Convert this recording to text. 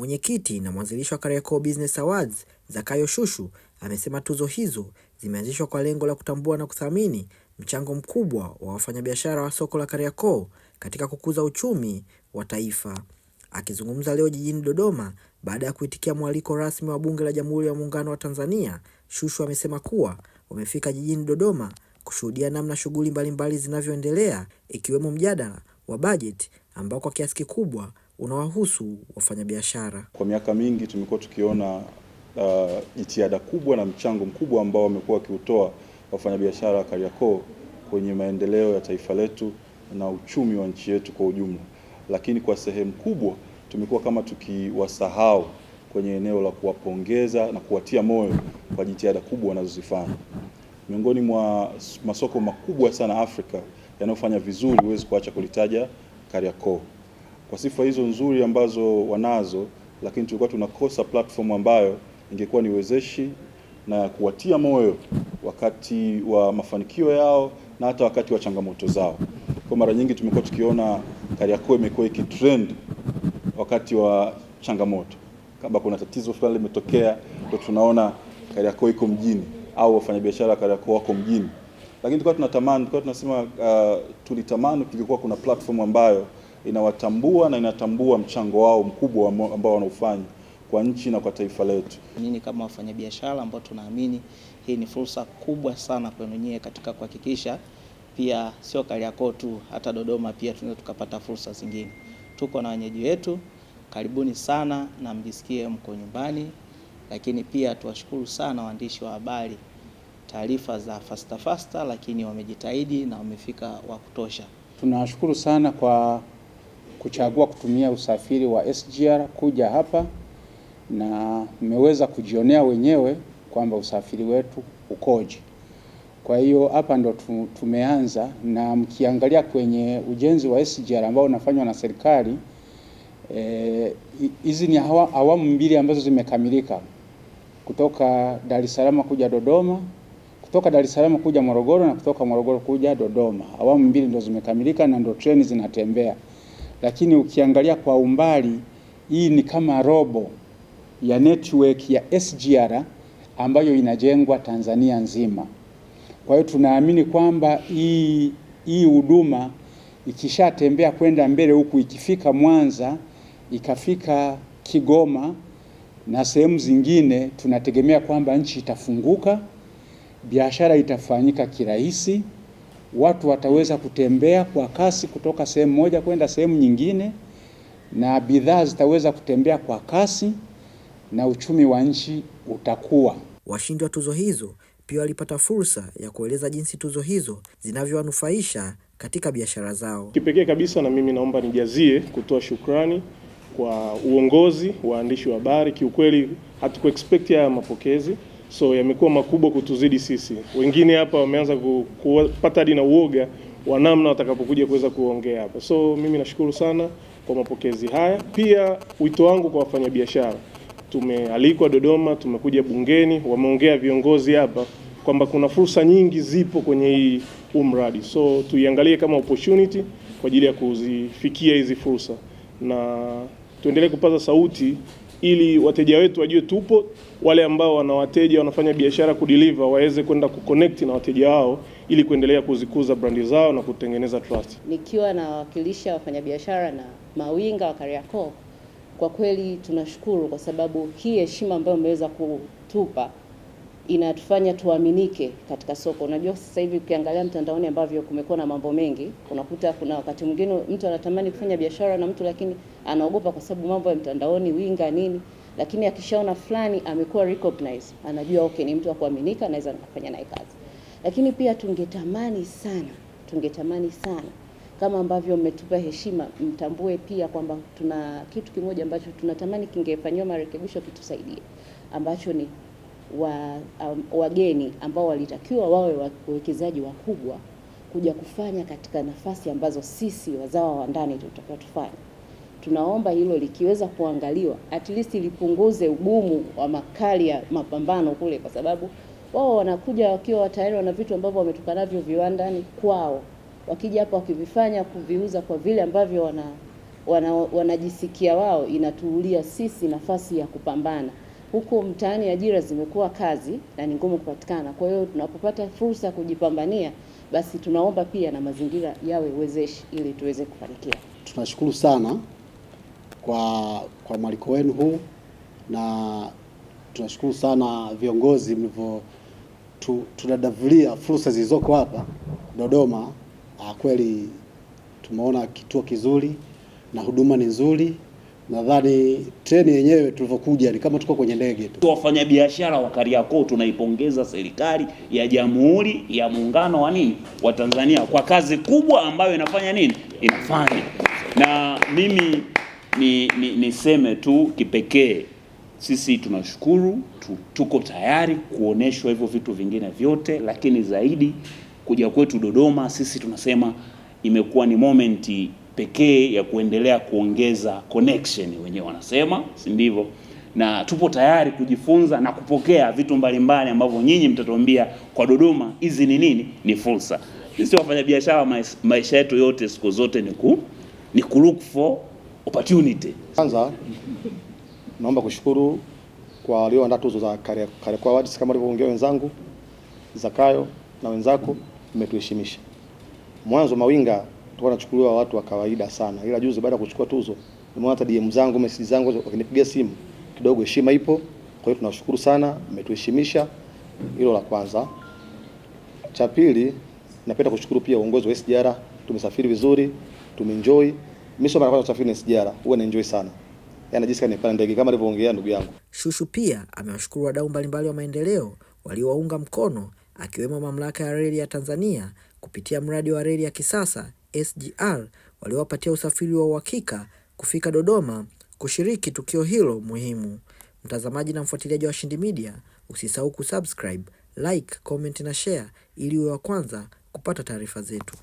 Mwenyekiti na mwanzilishi wa Kariakoo Business Awards Zakayo Shushu amesema tuzo hizo zimeanzishwa kwa lengo la kutambua na kuthamini mchango mkubwa wa wafanyabiashara wa soko la Kariakoo katika kukuza uchumi wa taifa. Akizungumza leo jijini Dodoma baada ya kuitikia mwaliko rasmi wa Bunge la Jamhuri ya Muungano wa Tanzania, Shushu amesema kuwa wamefika jijini Dodoma kushuhudia namna shughuli mbalimbali zinavyoendelea ikiwemo mjadala wa bajeti ambao kwa kiasi kikubwa unawahusu wafanyabiashara. Kwa miaka mingi tumekuwa tukiona uh, jitihada uh, kubwa na mchango mkubwa ambao wamekuwa wakiutoa wafanyabiashara wa Kariakoo kwenye maendeleo ya taifa letu na uchumi wa nchi yetu kwa ujumla, lakini kwa sehemu kubwa tumekuwa kama tukiwasahau kwenye eneo la kuwapongeza na kuwatia moyo kwa jitihada kubwa wanazozifanya. Miongoni mwa masoko makubwa sana Afrika yanayofanya vizuri, huwezi kuacha kulitaja Kariakoo kwa sifa hizo nzuri ambazo wanazo, lakini tulikuwa tunakosa platform ambayo ingekuwa niwezeshi na kuwatia moyo wakati wa mafanikio yao na hata wakati wa changamoto zao. Kwa mara nyingi tumekuwa tukiona Kariakoo imekuwa ikitrend wakati wa changamoto, kama kuna tatizo fulani limetokea, ndio tunaona Kariakoo iko mjini au wafanyabiashara Kariakoo wako mjini, lakini tulikuwa tunatamani, tulikuwa tunasema, uh, tulitamani kungekuwa kuna platform ambayo inawatambua na inatambua mchango wao mkubwa ambao wanaofanya kwa nchi na kwa taifa letu. Nini kama wafanyabiashara ambao tunaamini hii ni fursa kubwa sana kwenu nyie katika kuhakikisha pia sio Kariakoo tu, hata Dodoma pia tunaweza tukapata fursa zingine. Tuko na wenyeji wetu, karibuni sana na mjisikie mko nyumbani. Lakini pia tuwashukuru sana waandishi wa habari, taarifa za fasta fasta, lakini wamejitahidi na wamefika wa kutosha. Tunawashukuru sana kwa kuchagua kutumia usafiri wa SGR kuja hapa, na mmeweza kujionea wenyewe kwamba usafiri wetu ukoje. Kwa hiyo hapa ndo tumeanza, na mkiangalia kwenye ujenzi wa SGR ambao unafanywa na serikali eh, hizi e, ni awamu mbili ambazo zimekamilika kutoka Dar es Salaam kuja Dodoma, kutoka Dar es Salaam kuja Morogoro na kutoka Morogoro kuja Dodoma. Awamu mbili ndo zimekamilika na ndo treni zinatembea lakini ukiangalia kwa umbali, hii ni kama robo ya network ya SGR ambayo inajengwa Tanzania nzima. Kwa hiyo tunaamini kwamba hii hii huduma ikishatembea kwenda mbele huku ikifika Mwanza ikafika Kigoma na sehemu zingine, tunategemea kwamba nchi itafunguka, biashara itafanyika kirahisi watu wataweza kutembea kwa kasi kutoka sehemu moja kwenda sehemu nyingine, na bidhaa zitaweza kutembea kwa kasi na uchumi wa nchi utakuwa. Washindi wa tuzo hizo pia walipata fursa ya kueleza jinsi tuzo hizo zinavyowanufaisha katika biashara zao. Kipekee kabisa, na mimi naomba nijazie kutoa shukrani kwa uongozi, waandishi wa habari. Kiukweli hatukuexpect haya mapokezi so yamekuwa makubwa kutuzidi sisi. Wengine hapa wameanza kupata hadi na uoga wa namna watakapokuja kuweza kuongea hapa. So mimi nashukuru sana kwa mapokezi haya. Pia wito wangu kwa wafanyabiashara, tumealikwa Dodoma, tumekuja bungeni, wameongea viongozi hapa kwamba kuna fursa nyingi zipo kwenye hii umradi, mradi, so tuiangalie kama opportunity kwa ajili ya kuzifikia hizi fursa na tuendelee kupaza sauti ili wateja wetu wajue tupo, wale ambao wana wateja wanafanya biashara kudeliver waweze kwenda kuconnect na wateja wao ili kuendelea kuzikuza brandi zao na kutengeneza trust. Nikiwa nawakilisha wafanyabiashara na mawinga wa Kariakoo, kwa kweli tunashukuru kwa sababu hii heshima ambayo umeweza kutupa inatufanya tuaminike katika soko. Unajua sasa hivi ukiangalia mtandaoni ambavyo kumekuwa na mambo mengi, unakuta kuna wakati mwingine mtu anatamani kufanya biashara na mtu, lakini anaogopa kwa sababu mambo ya mtandaoni, winga nini, lakini akishaona fulani amekuwa recognized, anajua okay, ni mtu wa kuaminika, naweza nikafanya naye kazi. Lakini pia tungetamani sana, tungetamani sana kama ambavyo mmetupa heshima, mtambue pia kwamba tuna kitu kimoja ambacho tunatamani kingefanyiwa marekebisho, kitusaidie ambacho ni wa um, wageni ambao walitakiwa wawe wawekezaji wakubwa kuja kufanya katika nafasi ambazo sisi wazawa wa ndani tutakuwa tufanye. Tunaomba hilo likiweza kuangaliwa, at least lipunguze ugumu wa makali ya mapambano kule, kwa sababu wao wanakuja wakiwa tayari wana vitu ambavyo wametoka navyo viwandani kwao, wakija hapa wakivifanya kuviuza kwa vile ambavyo wana wanajisikia wana wao, inatuulia sisi nafasi ya kupambana huku mtaani ajira zimekuwa kazi na ni ngumu kupatikana. Kwa hiyo tunapopata fursa ya kujipambania, basi tunaomba pia na mazingira yawe wezeshi ili tuweze kufanikiwa. Tunashukuru sana kwa kwa mwaliko wenu huu na tunashukuru sana viongozi mlivyo tu, tunadavulia fursa zilizoko hapa Dodoma. Ah, kweli tumeona kituo kizuri na huduma ni nzuri nadhani treni yenyewe tulivyokuja ni kama tuko kwenye ndege tu. Wafanyabiashara wa Kariakoo tunaipongeza serikali ya Jamhuri ya Muungano wa nini wa Tanzania kwa kazi kubwa ambayo inafanya nini inafanya, na mimi niseme ni, ni tu kipekee sisi tunashukuru tu, tuko tayari kuoneshwa hivyo vitu vingine vyote, lakini zaidi kuja kwetu Dodoma sisi tunasema imekuwa ni momenti pekee ya kuendelea kuongeza connection, wenyewe wanasema, si ndivyo? Na tupo tayari kujifunza na kupokea vitu mbalimbali ambavyo nyinyi mtatuambia kwa Dodoma. Hizi ni nini? Ni fursa. Sisi wafanyabiashara, maisha yetu yote siku zote ni ku ni ku look for opportunity. Kwanza naomba kushukuru kwa walioandaa tuzo za Kariakoo Awards kama walivyoongea wenzangu Zakayo na wenzako, mmetuheshimisha. Mwanzo Mawinga tulikuwa tunachukuliwa watu wa kawaida sana, ila juzi baada ya kuchukua tuzo nimeona hata DM zangu message zangu wakinipigia simu, kidogo heshima ipo. Kwa hiyo tunashukuru sana, mmetuheshimisha. Hilo la kwanza. Cha pili, napenda kushukuru pia uongozi wa SGR. Tumesafiri vizuri, tumeenjoy. Mimi sio mara kwanza kusafiri na SGR, huwa naenjoy sana yaani jinsi nipanda ndege kama alivyoongea ndugu yangu Shushu. Pia amewashukuru wadau mbalimbali wa maendeleo waliowaunga mkono akiwemo Mamlaka ya Reli ya Tanzania kupitia mradi wa reli ya kisasa SGR waliowapatia usafiri wa uhakika kufika Dodoma kushiriki tukio hilo muhimu. Mtazamaji na mfuatiliaji wa Washindi Media, usisahau kusubscribe, like, comment na share ili uwe wa kwanza kupata taarifa zetu.